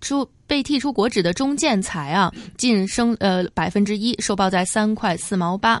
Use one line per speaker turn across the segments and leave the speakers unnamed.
出被剔出國指的中建材啊，僅升呃百分之一，收報在三塊四毛八。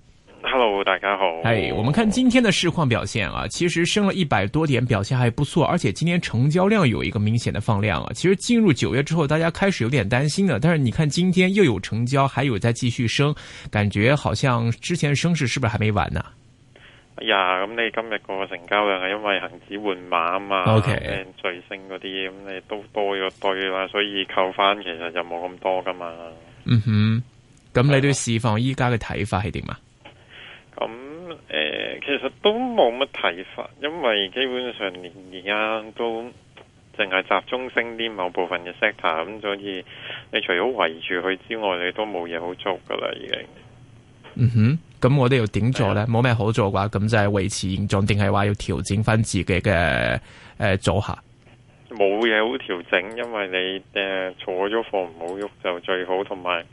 大
家好，哎，hey, 我們看今天的市況表現啊，其實升了一百多點，表現還不錯，而且今天成交量有一個明顯的放量啊。其實進入九月之後，大家開始有點擔心了，但是你看今天又有成交，還有在繼續升，感覺好像之前升勢是不是還沒完呢？
哎呀，咁你今日個成交量係因為恒指換馬啊嘛？OK，最升嗰啲咁你都多咗對啦，所以扣翻其實就冇咁多㗎嘛。Okay.
嗯哼，咁你對市況依家嘅睇法係點
啊？其實都冇乜睇法，因為基本上連而家都淨係集中升啲某部分嘅 sector，咁所以你除咗圍住佢之外，你都冇嘢好做噶啦，已經。嗯
哼，咁我哋要點做咧？冇咩、嗯、好做嘅話，咁就係維持現狀，定係話要調整翻自己嘅誒、呃、組合？
冇嘢好調整，因為你誒、呃、坐咗貨唔好喐就最好，同埋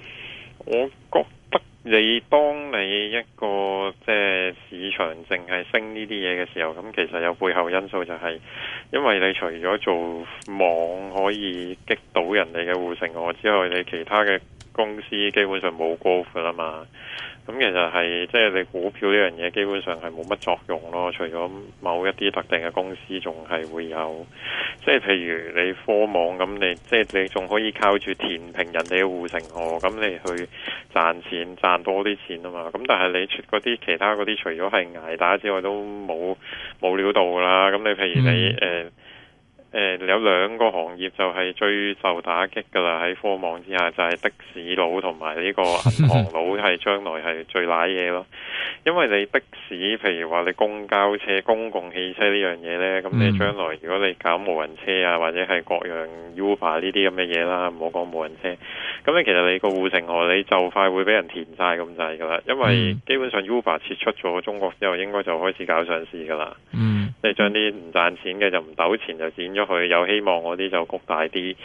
我覺。不，你當你一個即係市場淨係升呢啲嘢嘅時候，咁其實有背後因素就係，因為你除咗做網可以擊倒人哋嘅護城河，之外，你其他嘅。公司基本上冇高負喇嘛，咁其實係即係你股票呢樣嘢基本上係冇乜作用咯，除咗某一啲特定嘅公司仲係會有，即係譬如你科網咁你即係你仲可以靠住填平人哋嘅護城河，咁你去賺錢賺多啲錢啊嘛，咁但係你出嗰啲其他嗰啲除咗係挨打之外都冇冇料到啦，咁你譬如你誒。嗯誒、呃，有兩個行業就係最受打擊噶啦，喺科網之下就係、是、的士佬同埋呢個銀行佬係將來係最瀨嘢咯。因為你的士，譬如話你公交車、公共汽車呢樣嘢呢，咁你將來如果你搞無人車啊，或者係各樣 Uber 呢啲咁嘅嘢啦，唔好講無人車，咁你其實你個護城河你就快會俾人填晒咁滯噶啦。因為基本上 Uber 撤出咗中國之後，應該就開始搞上市噶啦。嗯，你將啲唔賺錢嘅就唔鬥錢就剪。去有希望，嗰啲就谷大啲。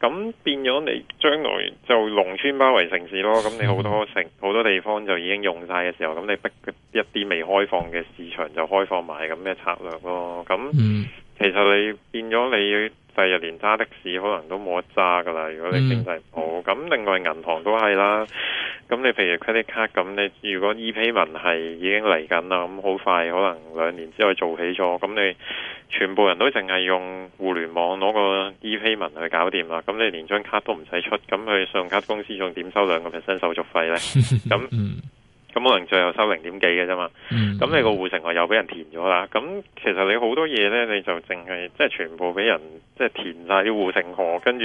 咁變咗你將來就農村包圍城市咯。咁你好多城好多地方就已經用晒嘅時候，咁你一啲未開放嘅市場就開放埋，咁咩策略咯？咁。 嗯其實你變咗你第日連揸的士可能都冇得揸噶啦，如果你經濟唔好。咁、嗯、另外銀行都係啦，咁你譬如 credit card，咁，你如果 ePayment 係已經嚟緊啦，咁好快可能兩年之後做起咗，咁你全部人都淨係用互聯網攞個 ePayment 去搞掂啦，咁你連張卡都唔使出，咁去信用卡公司仲點收兩個 percent 手續費呢？咁 那？嗯咁可能最後收零點幾嘅啫嘛，咁、嗯、你個護城河又俾人填咗啦，咁其實你好多嘢呢，你就淨係即係全部俾人即係填晒啲護城河，跟住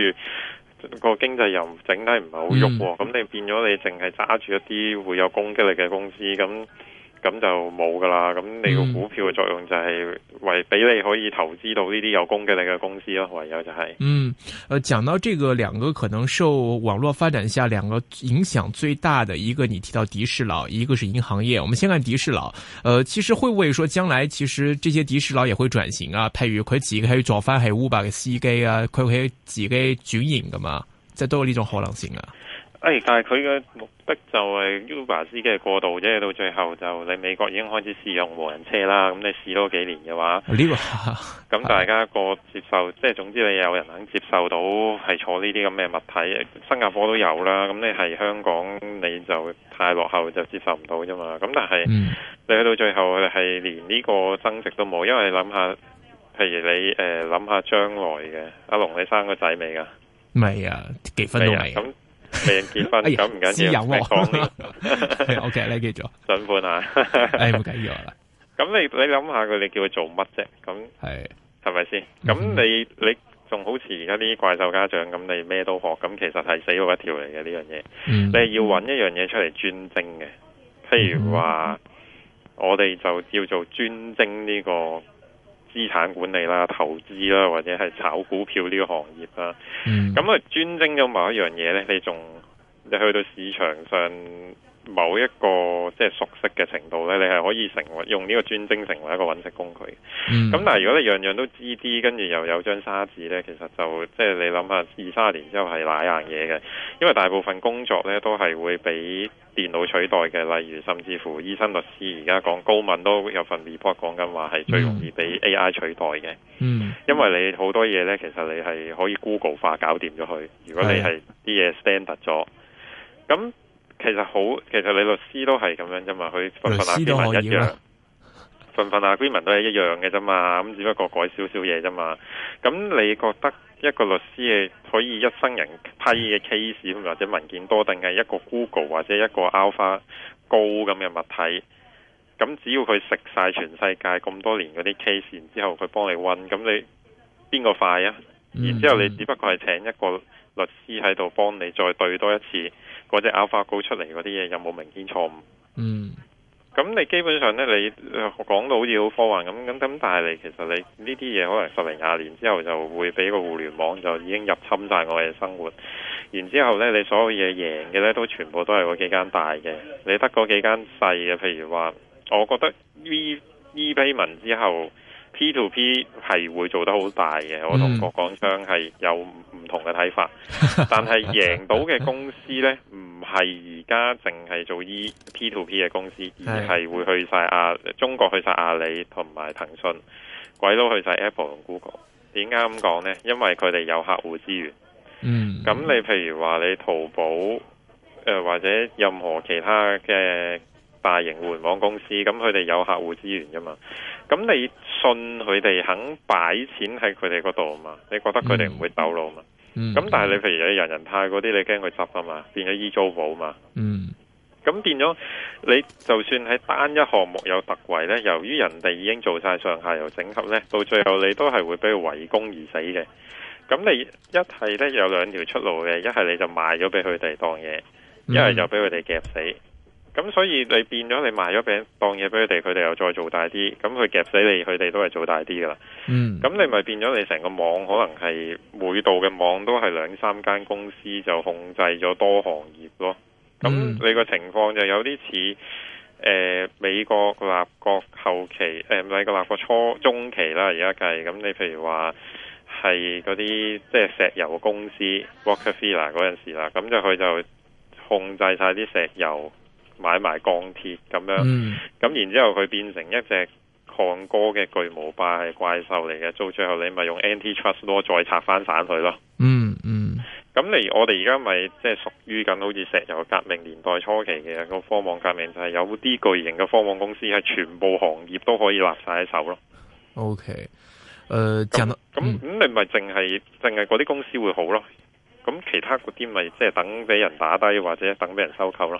個經濟又整得唔係好喐喎，咁、嗯、你變咗你淨係揸住一啲會有攻擊力嘅公司咁。咁就冇噶啦，咁你個股票嘅作用就係為俾你可以投資到呢啲有攻擊力嘅公司咯，唯有就係、
是。嗯，呃講到這個兩個可能受網絡發展下兩個影響最大嘅，一個你提到的士佬，一個是銀行業。我們先看的士佬，呃其實會唔會說將來其實這些的士佬也會轉型啊？譬如佢自己可以做翻喺 Uber 嘅司機啊，佢會自己轉型噶嘛？即係都有呢種可能性啊。
誒、哎，但係佢嘅目的就係 Uber 司機嘅過渡啫，到最後就你美國已經開始試用無人車啦，咁你試多幾年嘅
話，
咁 大家個接受，即係總之你有人肯接受到係坐呢啲咁嘅物體，新加坡都有啦，咁你係香港你就太落後就接受唔到啫嘛。咁但係你去到最後係連呢個增值都冇，因為你諗下，譬如你誒諗下將來嘅阿龍，你生個仔未噶？
未啊，結婚都未。是
未結婚咁唔緊要，你講呢？OK，是你記做准判啊？誒，冇緊要啦。咁你你諗下佢哋叫佢做乜啫？咁係係咪先？咁你你仲好似而家啲怪獸家長咁，你咩都學，咁其實係死路一條嚟嘅呢樣嘢。嗯、你係要揾一樣嘢出嚟專精嘅，譬如話、嗯、我哋就叫做專精呢、這個。資產管理啦、投資啦，或者係炒股票呢個行業啦。咁啊、嗯，專精咗某一樣嘢呢，你仲你去到市場上。某一個即係熟悉嘅程度呢，你係可以成為用呢個專精成為一個揾食工具，咁、嗯、但係如果你樣樣都知啲，跟住又有張沙紙呢，其實就即係你諗下二三十年之後係舐硬嘢嘅，因為大部分工作呢都係會被電腦取代嘅，例如甚至乎醫生律師，而家講高敏都有份 report 講緊話係最容易被 AI 取代嘅。嗯，因為你好多嘢呢其實你係可以 Google 化搞掂咗佢。如果你係啲嘢 standard 咗，咁、嗯。嗯其實好，其實你律師都係咁樣啫嘛，佢份份啊，規文一樣，份份啊，規文都係一樣嘅啫嘛，咁只不過改少少嘢啫嘛。咁你覺得一個律師嘅可以一生人批嘅 case 或者文件多，定係一個 Google 或者一個 AlphaGo 咁嘅物體？咁只要佢食晒全世界咁多年嗰啲 case 之後，佢幫你搵，咁你邊個快啊？然、嗯、之後你只不過係請一個律師喺度幫你再，再對多一次。嗰隻咬發稿出嚟嗰啲嘢有冇明顯錯誤？嗯，咁你基本上呢，你講到好似好科幻咁咁咁，但係你其實你呢啲嘢可能十零廿年之後就會俾個互聯網就已經入侵晒我哋嘅生活。然之後呢，你所有嘢贏嘅呢都全部都係嗰幾間大嘅，你得嗰幾間細嘅。譬如話，我覺得呢呢批文之後。P to P 係會做得好大嘅，我同郭廣昌係有唔同嘅睇法。但係贏到嘅公司呢，唔係而家淨係做 E P to P 嘅公司，是而係會去晒阿中國去晒阿里同埋騰訊，鬼佬去晒 Apple 同 Google。點解咁講呢？因為佢哋有客戶資源。嗯。咁你譬如話你淘寶誒、呃、或者任何其他嘅。大型互聯網公司咁佢哋有客戶資源㗎嘛，咁你信佢哋肯擺錢喺佢哋嗰度啊嘛？你覺得佢哋唔會走路嘛？咁、嗯嗯、但係你譬如有人人貸嗰啲，你驚佢執啊嘛？變咗依、e、租寶啊嘛？咁、嗯、變咗你就算喺單一項目有突圍呢，由於人哋已經做晒上下游整合呢，到最後你都係會俾佢圍攻而死嘅。咁你一係呢，有兩條出路嘅，一係你就賣咗俾佢哋當嘢，
一係就俾佢
哋夾死。嗯咁所以你變咗你賣咗俾當嘢俾佢哋，佢哋又再做大啲，咁佢夾死你，佢哋都係做大啲噶啦。嗯，咁你咪變咗你成個網可能係每度嘅網都係兩三間公司就控制咗多行業咯。咁你個情況就有啲似誒美國立國後期，誒、呃、美國立國初中期啦，而家計咁你譬如話係嗰啲即係石油公司 Walker Fila 嗰陣時啦，咁就佢就控制晒啲石油。買埋鋼鐵咁樣，咁、嗯、然之後佢變成一隻抗哥嘅巨無霸，係怪獸嚟嘅。到最後你咪用 Antitrust Law 再拆翻散佢咯。嗯嗯，咁、嗯、你我哋而家咪即係屬於緊好似石油革命年代初期嘅個科網革命，就係有啲巨型嘅科網公司係全部行業都可以立晒喺手咯。
O K，誒，
咁咁那、嗯、你咪淨係淨係嗰啲公司會好咯？咁其他嗰啲咪即係等俾人打低，或者等俾人收購咯？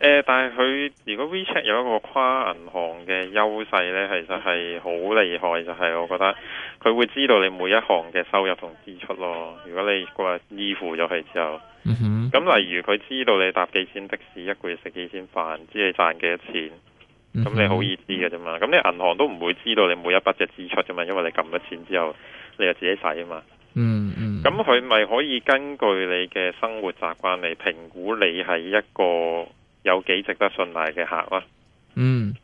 誒、欸，但係佢如果 WeChat 有一個跨銀行嘅優勢呢，其實係好厲害，就係、是、我覺得佢會知道你每一行嘅收入同支出咯。如果你個依附咗佢之後，咁、嗯、哼例如佢知道你搭幾錢的士，一個月食幾錢飯，知你賺幾多錢，
咁、嗯、哼你好易
知嘅啫嘛。咁、嗯、哼你銀行都唔會知道你每一筆嘅支出噶嘛，因為你撳咗錢之後，你就自己使啊嘛嗯。嗯，咁佢咪可以根據你嘅生活習慣嚟評估你係一個。有幾值得信賴嘅客呀？嗯，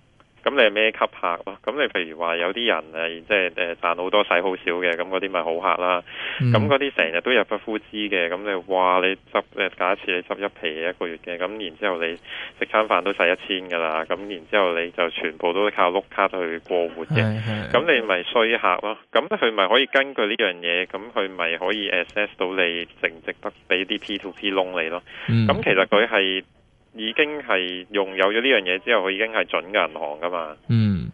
咁你係咩級客咯？咁你譬如話有啲人誒，即係誒賺好多使好少嘅，咁嗰啲咪好客啦。咁嗰啲成日都入不敷支嘅，咁你哇，你執誒假設你執一皮一個月嘅，咁然之後你食餐飯都使一千噶啦，咁然之後你就全部都靠碌卡去過活嘅，咁是你咪衰客咯。咁佢咪可以根據呢樣嘢，咁佢咪可以誒 assess 到你值唔值得俾啲 P to P 窿你咯。咁、嗯、其實佢係。已經係擁有咗呢樣嘢之後，佢已經係準嘅銀行噶嘛。嗯，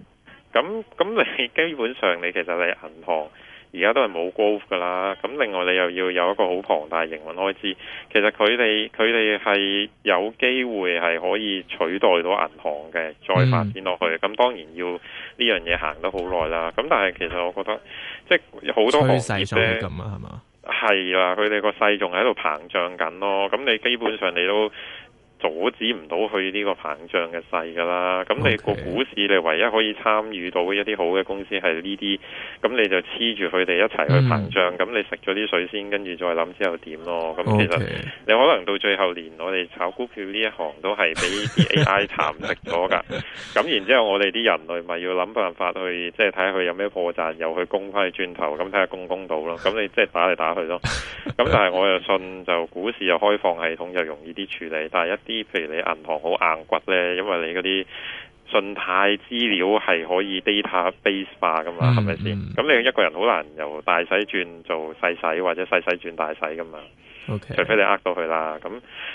咁咁你基本上你其實你銀行而家都係冇 growth 啦。咁另外你又要有一個好龐大營運開支，其實佢哋佢哋係有機會係可以取代到銀行嘅，再發展落去。咁、嗯、當然要呢樣嘢行得好耐啦。咁但係其實我覺得即係好多行業咁啊，係嘛？係啦，佢哋個勢仲喺度膨脹緊咯。咁你基本上你都～阻止唔到佢呢個膨脹嘅勢㗎啦，咁你個股市你唯一可以參與到一啲好嘅公司係呢啲，咁你就黐住佢哋一齊去膨脹，咁、嗯、你食咗啲水先，跟住再諗之後點咯。咁其實你可能到最後連我哋炒股票呢一行都係俾啲 AI 蠶食咗㗎，咁 然之後我哋啲人類咪要諗辦法去即係睇下佢有咩破綻，又去攻翻去轉頭，咁睇下攻攻到咯。咁你即係打嚟打去咯。咁但係我又信就股市又開放系統又容易啲處理，但係一。啲譬如你銀行好硬骨咧，因為你嗰啲信貸資料係可以 database 化㗎嘛，係咪先？咁、嗯、你一個人好難由大洗轉做細洗，或者細洗轉大洗㗎嘛。OK，除非你呃到佢啦。咁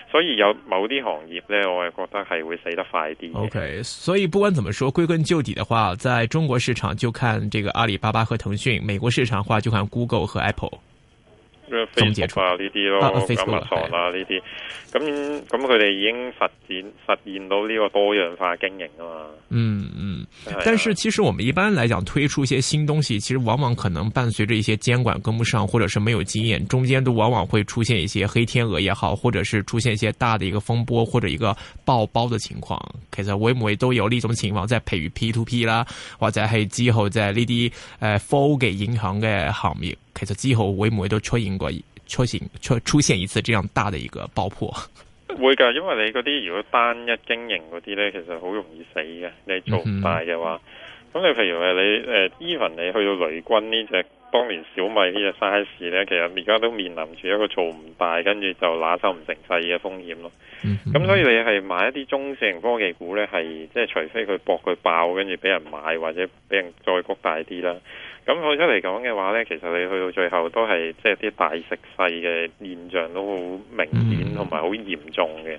所以有某啲行業咧，我係覺得係會死得快啲。OK，
所以不管怎麼說，歸根究底嘅話，在中國市場就看這個阿里巴巴和騰訊，美國市場話就看 Google 和 Apple。
呢啲 Facebook、啊、咯，咁 Facebook 啊，呢啲咯，咁咁佢哋已經實展實現到呢個多元化經營啊嘛。嗯。但
是其實我們一般來講推出一些新東西，其實往往可能伴隨着一些監管跟不上，或者是沒有經驗，中間都往往會出現一些黑天鵝也好，或者是出現一些大的一個風波或者一個爆包的情況。其實會唔會都有一種情況，在培育 P2P 啦，或者係之後在呢啲誒科技銀行的行業，其實之後會唔會都出現過出現出出現一次這樣大的一個爆破？
會噶，因為你嗰啲如果單一經營嗰啲咧，其實好容易死嘅。你做唔大嘅話，咁、嗯、哼你譬如話你誒，even、呃、你去到雷軍呢隻，當年小米這隻呢隻 size 咧，其實而家都面臨住一個做唔大，跟住就拿手唔成勢嘅風險咯。咁、嗯、哼所以你係買一啲中型科技股咧，係即係除非佢搏佢爆，跟住俾人買，或者俾人再谷大啲啦。咁睇出嚟講嘅話呢，其實你去到最後都係即係啲大食細嘅現象都好明顯同埋好嚴重嘅。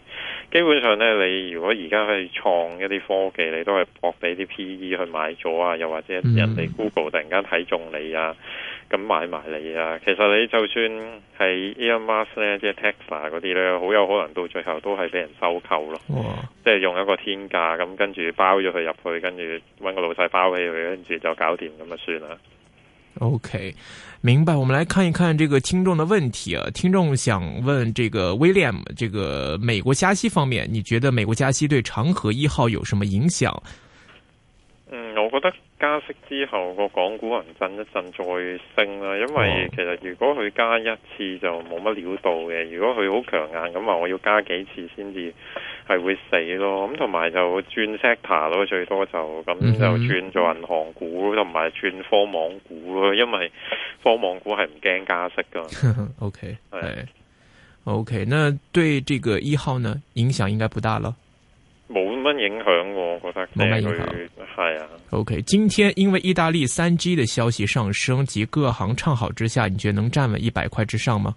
基本上呢，你如果而家去創一啲科技，你都係搏俾啲 PE 去買咗啊，又或者人哋 Google 突然間睇中你啊，咁買埋你啊。其實你就算喺 Elon Musk 呢，即係 Tesla 嗰啲呢，好有可能到最後都係俾人收購咯。即係哇用一個天價咁跟住包咗佢入去，跟住揾個老細包起佢，跟住就搞掂咁就算啦。
OK，明白。我們來看一看這個聽眾的問題啊，聽眾想問這個 William，這個美國加息方面，你覺得美國加息對長河一號有什麼影響？
嗯，我覺得加息之後，個港股可能震一震再升啦。因為其實如果佢加一次就冇乜料到嘅，如果佢好強硬咁話我要加幾次先至。係會死咯，咁同埋就轉 sector 咯，最多就咁、嗯、哼就轉做銀行股咯，同埋轉科網股咯，因為科網股係唔驚加息噶。O K，係 O
K，那對這個一號呢，影響應該不大咯，
冇乜影響我覺得。冇乜影響，
係啊的。Okay，今天因為意大利三 G 的消息上升及各行唱好之下，你覺得能站穩一百塊之上嗎？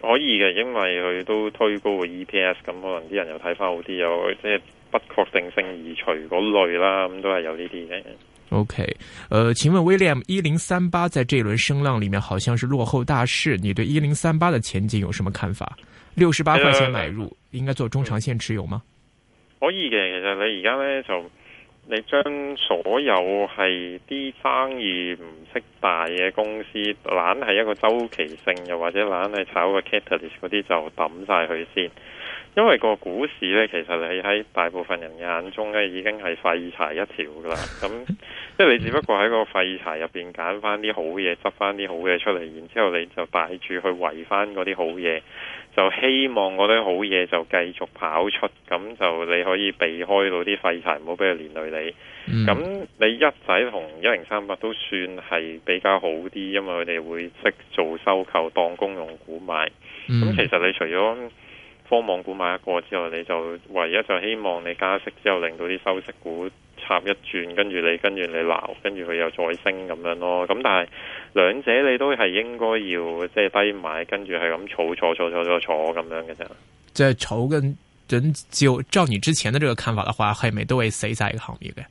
可以嘅，因為佢都推高個 E P S，咁可能啲人又睇翻好啲，有即係不確定性移除嗰類啦，咁都係有呢啲嘅。
O K，誒，請問 William 一零三八在這輪聲浪裏面，好像是落後大勢，你對一零三八的前景有什麼看法？六十八塊錢買入，的應該做中長線持有嗎？
可以嘅，其實你而家咧就。你將所有係啲生意唔識大嘅公司，懶係一個周期性，又或者懶係炒個 catalyst 嗰啲，就抌曬佢先。因為個股市呢，其實你喺大部分人眼中呢，已經係廢柴一條噶啦。咁即你，只不過喺個廢柴入邊揀翻啲好嘢，執翻啲好嘢出嚟，然之後你就帶住去維翻嗰啲好嘢。就希望嗰啲好嘢就繼續跑出，咁就你可以避開到啲廢柴，唔好俾佢連累你。咁、嗯、你一仔同一零三八都算係比較好啲，因為佢哋會識做收購、當公用股賣。咁、嗯、其實你除咗科網股買一個之外，你就唯一就希望你加息之後令到啲收息股，拍一轉，跟住你，跟住你鬧，跟住佢又再升咁樣咯。咁但係，兩者你都係應該要即係低買，跟住係咁儲儲儲儲儲儲咁樣嘅啫。
即係儲緊，照照你之前的呢個看法嘅話，係咪都會死晒個行業嘅？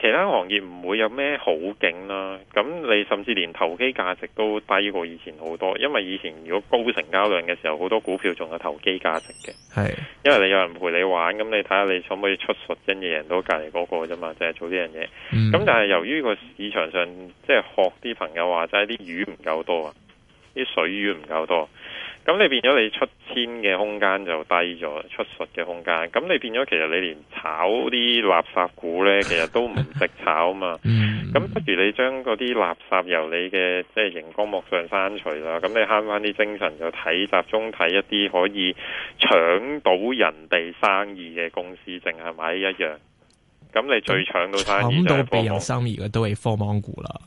其他行業唔會有咩好景啦，咁你甚至連投機價值都低過以前好多，因為以前如果高成交量嘅時候，好多股票仲有投機價值嘅，是因為你有人陪你玩，咁你睇下你可唔可以出術真嘅贏到隔離嗰個啫嘛，即係做呢樣嘢。咁、嗯、但係由於個市場上即係學啲朋友話齋，啲魚唔夠多啊，啲水魚唔夠多。咁你變咗你出千嘅空間就低咗，出術嘅空間。咁你變咗其實你連炒啲垃圾股呢，其實都唔值炒嘛。咁、 嗯、不如你將嗰啲垃圾由你嘅即係熒光幕上刪除啦。咁你慳返啲精神就睇集中睇一啲可以搶到人哋生意嘅公司，淨係買一樣。咁你最搶到生意嘅，咁都冇生
意嘅都係科網股啦。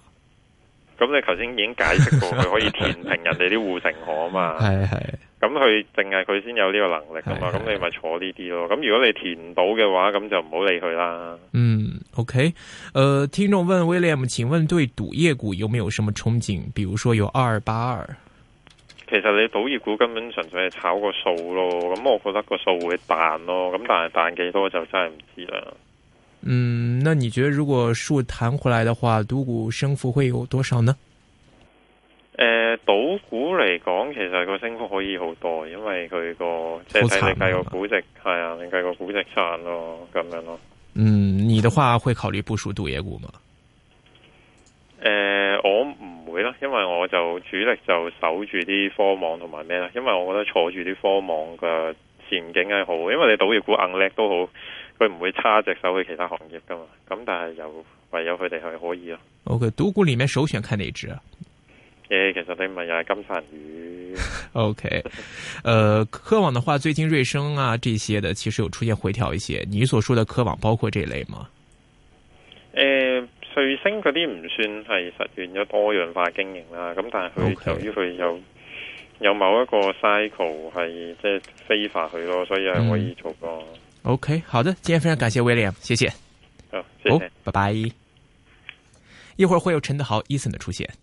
咁你頭先已經解釋過，佢可以填平人哋啲護城河啊嘛。係係， 咁佢淨係佢先有呢個能力噶嘛。咁 你咪坐呢啲咯。咁如果你填唔到嘅話，咁就唔好理佢啦。嗯
，OK。誒、呃，聽眾問 William，請問對賭業股有冇有什麼憧憬？比如說有二二八二。
其實你賭業股根本純粹係炒個數咯，咁我覺得個數會彈咯，咁但係彈幾多就真係唔知啦。
嗯，那你覺得如果樹彈回來的話，賭股升幅會有多少呢？
誒、呃，賭股嚟講，其實個升幅可以好多，因為佢個即係你計個估值，係啊，你計個估值差咯，咁樣咯。嗯，
你的話會考慮部署賭業股嗎？
誒、呃，我唔會啦，因為我就主力就守住啲科網同埋咩啦，因為我覺得坐住啲科網嘅前景係好，因為你賭業股硬叻都好。佢唔會差隻手去其他行業噶嘛？咁但係又唯有佢哋係可以啊。
O K，獨股裏面首選看哪一隻
啊？誒、欸，其實你唔係又係金山魚。O K，誒，
科網的話，最近瑞聲啊這些的，其實有出現回調一些。你所說的科網包括這類嘛？
誒、欸，瑞星嗰啲唔算係實現咗多樣化經營啦。咁但係佢由於佢有 Okay. 有某一個 cycle 係即係 favor 佢咯，所以係可以做嘅。嗯
OK，好的，今天非常感謝 William，謝謝，
拜
拜，oh, thank you oh。一會兒會有陳德豪、Eason
的出現。